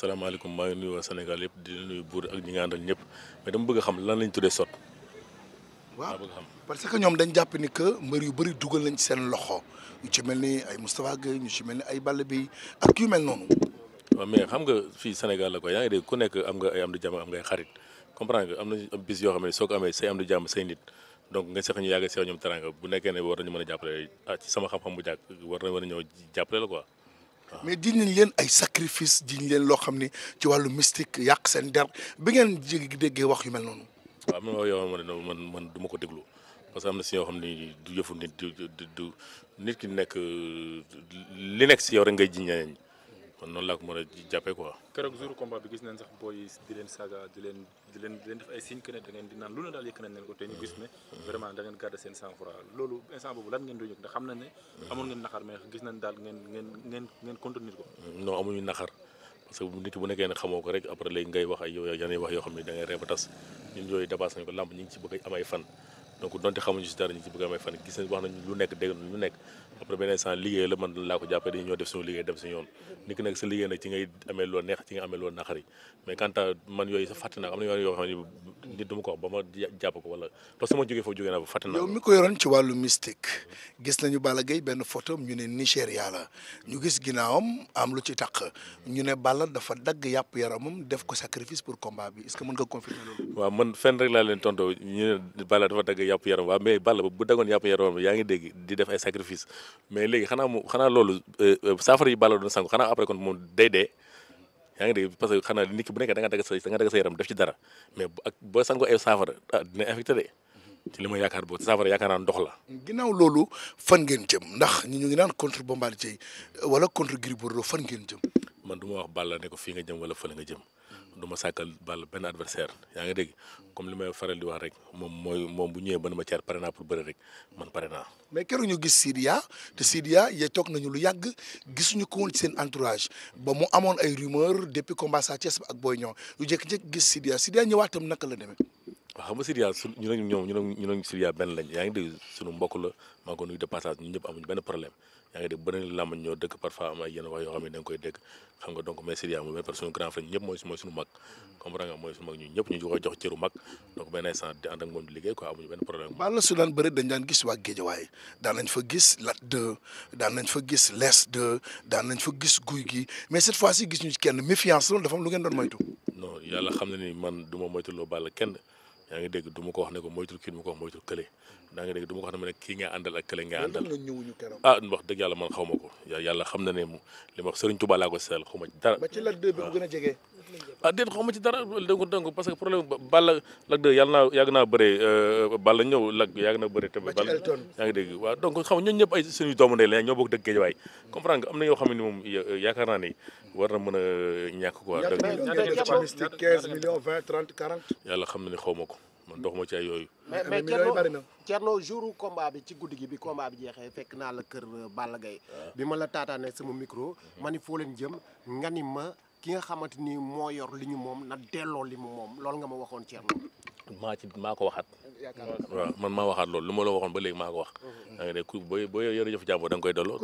salaamaaleykum maa ngi nuyu waa Sénégal yëpp di nuyu buur ak ñi nga àndal ñëpp bëgg xam lan lañ tuddee sot. waaw bëgg xam parce que ñoom dañ jàpp ni que mbër yu bëri dugal nañ ci seen loxo ñu ci mel ni ay Moustapha Gueye ñu ci mel ni ay Balla bi ak yu mel noonu. waaw mais xam nga fii Sénégal la ko yaa ngi dégg ku nekk am nga ay am di jàmm am ngay xarit comprendre nga am na bis yoo xam soo ko amee say am di jàmm say nit. donc nga seq ñu yàgg seq ñoom teranga bu nekkee ne war nañu mën a jàppale ah ci sama xam-xam bu war na war a jàppale la quoi mais jiñ nañ leen ay sacrifice jiñ leen loo xam ni ci wàllu mystique yàq seen der bi ngeen ji déggee wax yu mel noonu. waaw man wax yow man man du ma ko déglu parce que am na si yoo xam ni du yëfu nit du du nit ki nekk li nekk si yow rek ngay jiñ ñeneen kon noonu laa ko mën a jàppee quoi. keroog jour combat bi gis nañ sax booy di leen saaga di leen di leen di ay signe que ne da ngeen di naan lu ne daal yëkk nañ leen ko te ñu gis ne. vraiment da ngeen garder ko. non amuñu naxar parce que nit bu nekkee ne xamoo ko rek après léegi ngay wax yoo xam ne da ngay reeba tas ñun nañ ko làmb ñu ci bëgg am fan donc donte xamuñu si dara ñu ci bëgg amay fan gis nañ wax nañ lu nekk dégg lu nekk après benn instant liggéey la man laa ko jàppee dañu def suñu liggéey dem suñu yoon nag sa liggéey nag ci ngay amee loo neex ci nga amee loo naqari mais quant man yooyu sa fàtte naa am na yoo xam ne ko wax ba ma jàpp ko wala parce que ma jógee foofu jógee naa ba fàtte naa yow mi ko yoroon ci wàllu mystique gis nañu Balla am lu ci taq ñu ne Balla dafa dagg yàpp yaramam def ko sacrifice pour combat bi est-ce que mën nga confirmer loolu waaw man fenn rek laa leen tontoo ñu ne Balla dafa dagg yàpp yaa ngi dégg di def ay sacrifice mais léegi xanaa mu xanaa loolu euh, euh, saafara yi bàlla doon sangu xanaa après kon moom day dee yaa ngi dégg parce que xanaa nit ki bu nekk da nga dagg sa da nga dagg sa yaram def ci dara mais ak boo sango ay saafara ah dina de ci li ma yaakaar boo saafara yaakaar naa ndox la. ginnaaw loolu fan ngeen jëm ndax ñu ngi naan contre Bombardier euh, wala contre Gris Bordeaux fan ngeen jëm. man duma ma wax Balla ne ko fii nga jëm wala fële nga jëm mm. du ma sàkkal Balla benn adversaire yaa ngi dégg comme li may faral di wax rek moom mooy moom bu ñëwee ba ne ma caar pare pour bëre rek man pare naa. mais keroog ñu gis Sidia te Sidia ya toog nañu lu yàgg gisuñu ko ci seen entourage ba mu amoon ay rumeur depuis combat sa Thiès ak Boy Niang lu jékki-jékki gis Sidia Sidia ñëwaat tam naka la demee. waaw xam nga Syria su ñu ne ñoom ko am ñu benn problème baal su daan bëri dañ daan gis waa Géejawaay daan nañ fa gis Lat 2 daan nañ fa gis Les 2 mais cette fois ci gis ñu kenn méfiance loolu dafa lu ngeen doon moytu non yàlla xam na ni man du moytu loo bàll kenn yaa ngi dégg du ma ko wax ne ko moytul kii du ko wax moytul kële yaa ngi dégg du ma ko wax ne ma ne kii nga àndal ak kële nga àndal ah wax dëgg yàlla man xaw ma ko yàlla xam na ba a ah. jege ah xaw ma ci dara dénk dénk parce que problème euh, xam ñooñu ñëpp ay suñu doomu ndey la ñoo bokk dëgg géej waay comprendre nga am na yoo xam moom yaakaar naa ni war na mën a ñàkk quoi 15 yàlla xam na ni xaw ma ko man doxuma ci yooyu. mais mais Thierno Thierno jour combat bi ci guddi gi bi combat bi jeexee fekk naa la kër euh, Balla Gaye ah. bi ma la taataanee sama micro. Mhm. ma ni foo leen jëm nga ni ma ki nga xamante ni moo yor li ñu moom na delloo li mu moom loolu nga ma waxoon Thierno. maa ci maa ko waxaat. waaw man maa waxaat loolu lu ma la waxoon ba léegi maa ko wax. da nga ne ku booy boo yore jëf jàmbur da nga koy delloo.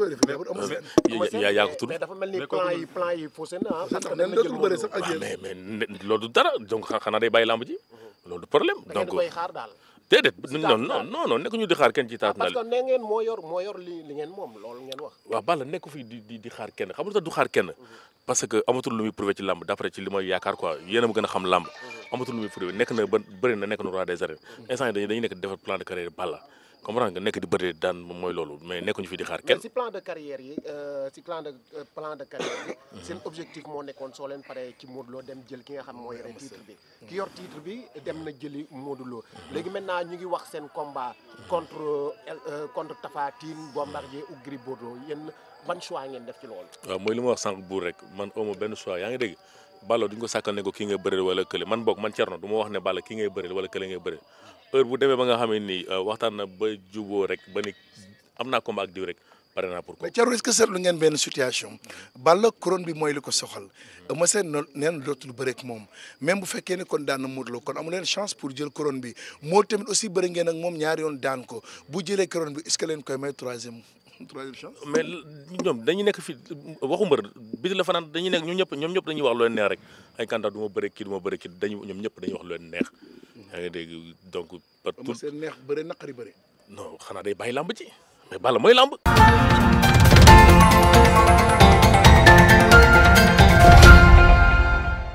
yaa yaa ko tudd. mais dafa mel ni plan yi plan yi faussé na ah. ah mais mais loolu du dara donc xanaa day bàyyi lamb ji. Mhm. loolu du problème donc koy xaar daal. déedéet non non non nekk ñu di xaar kenn ci taat ndaal ah, parce que nee ngeen moo yor moo yor li ngeen moom loolu ngeen wax waaw Balla nekk fi di di di xaar kenn xam nga du xaar kenn mhm. parce que amatul lu muy prouvé ci làmb d'après ci li may yaakaar quoi yéen a ma gën a xam làmb mhm. amatul lu muy prouvé nekk na ba bëri na nekk na roi des arènes mhm. instant yi dañuy nekk defar plan de carrière Balla comprendre nga nekk di bëri daan moom mooy loolu mais nekkuñu fi di xaar kenn. mais si plan de carrière yi euh, si euh, plan de carrière yi. Mhm. seen objectif moo nekkoon soo leen paree ci Modou dem jël ki nga xam mooy yore titre bi. ki yor titre bi dem na jëli Modou Lo. Mhm. léegi maintenant ñu ngi wax seen combat mhm. contre euh, contre Tapha Tine Bombardier ou Gris Bordeaux yéen ban choix ngeen def ci loolu. waaw mooy li ma wax sànq buur rek man amoo benn choix yaa ngi dégg. Balla duñ ko sàkkal ne ko kii ngay bëreel wala kële man boog man Thierno du ma wax ne Balla kii ngay bëreel wala kële ngay bëreel heure bu demee ba nga xam ne nii euh, waxtaan na ba juboo rek ba ni am naa combat ak diw rek pare naa ngeen benn situation Balla couronne bi mooy li ko soxal ma seen ne neen dootul bëreeg moom même bu fekkee ne kon daan na Modou Lo kon amu leen chance pour jël couronne bi moo tamit aussi bëri ngeen ak moom ñaari yoon daan ko bu jëlee couronne bi est koy may troisième troisième chance. mais ñoom dañu nekk fii waxu mbër bi la fanaan dañu nekk ñoom ñëpp ñoom ñëpp dañuy wax lu leen neex rek ay kandidat du ma bëre kii du ma bëre kii dañu ñoom ñëpp dañuy wax lu leen neex. yaa ngi dégg donc. tout seen neex bëre naqari bëre. non xanaa day bàyyi làmb ci mais Balla mooy làmb.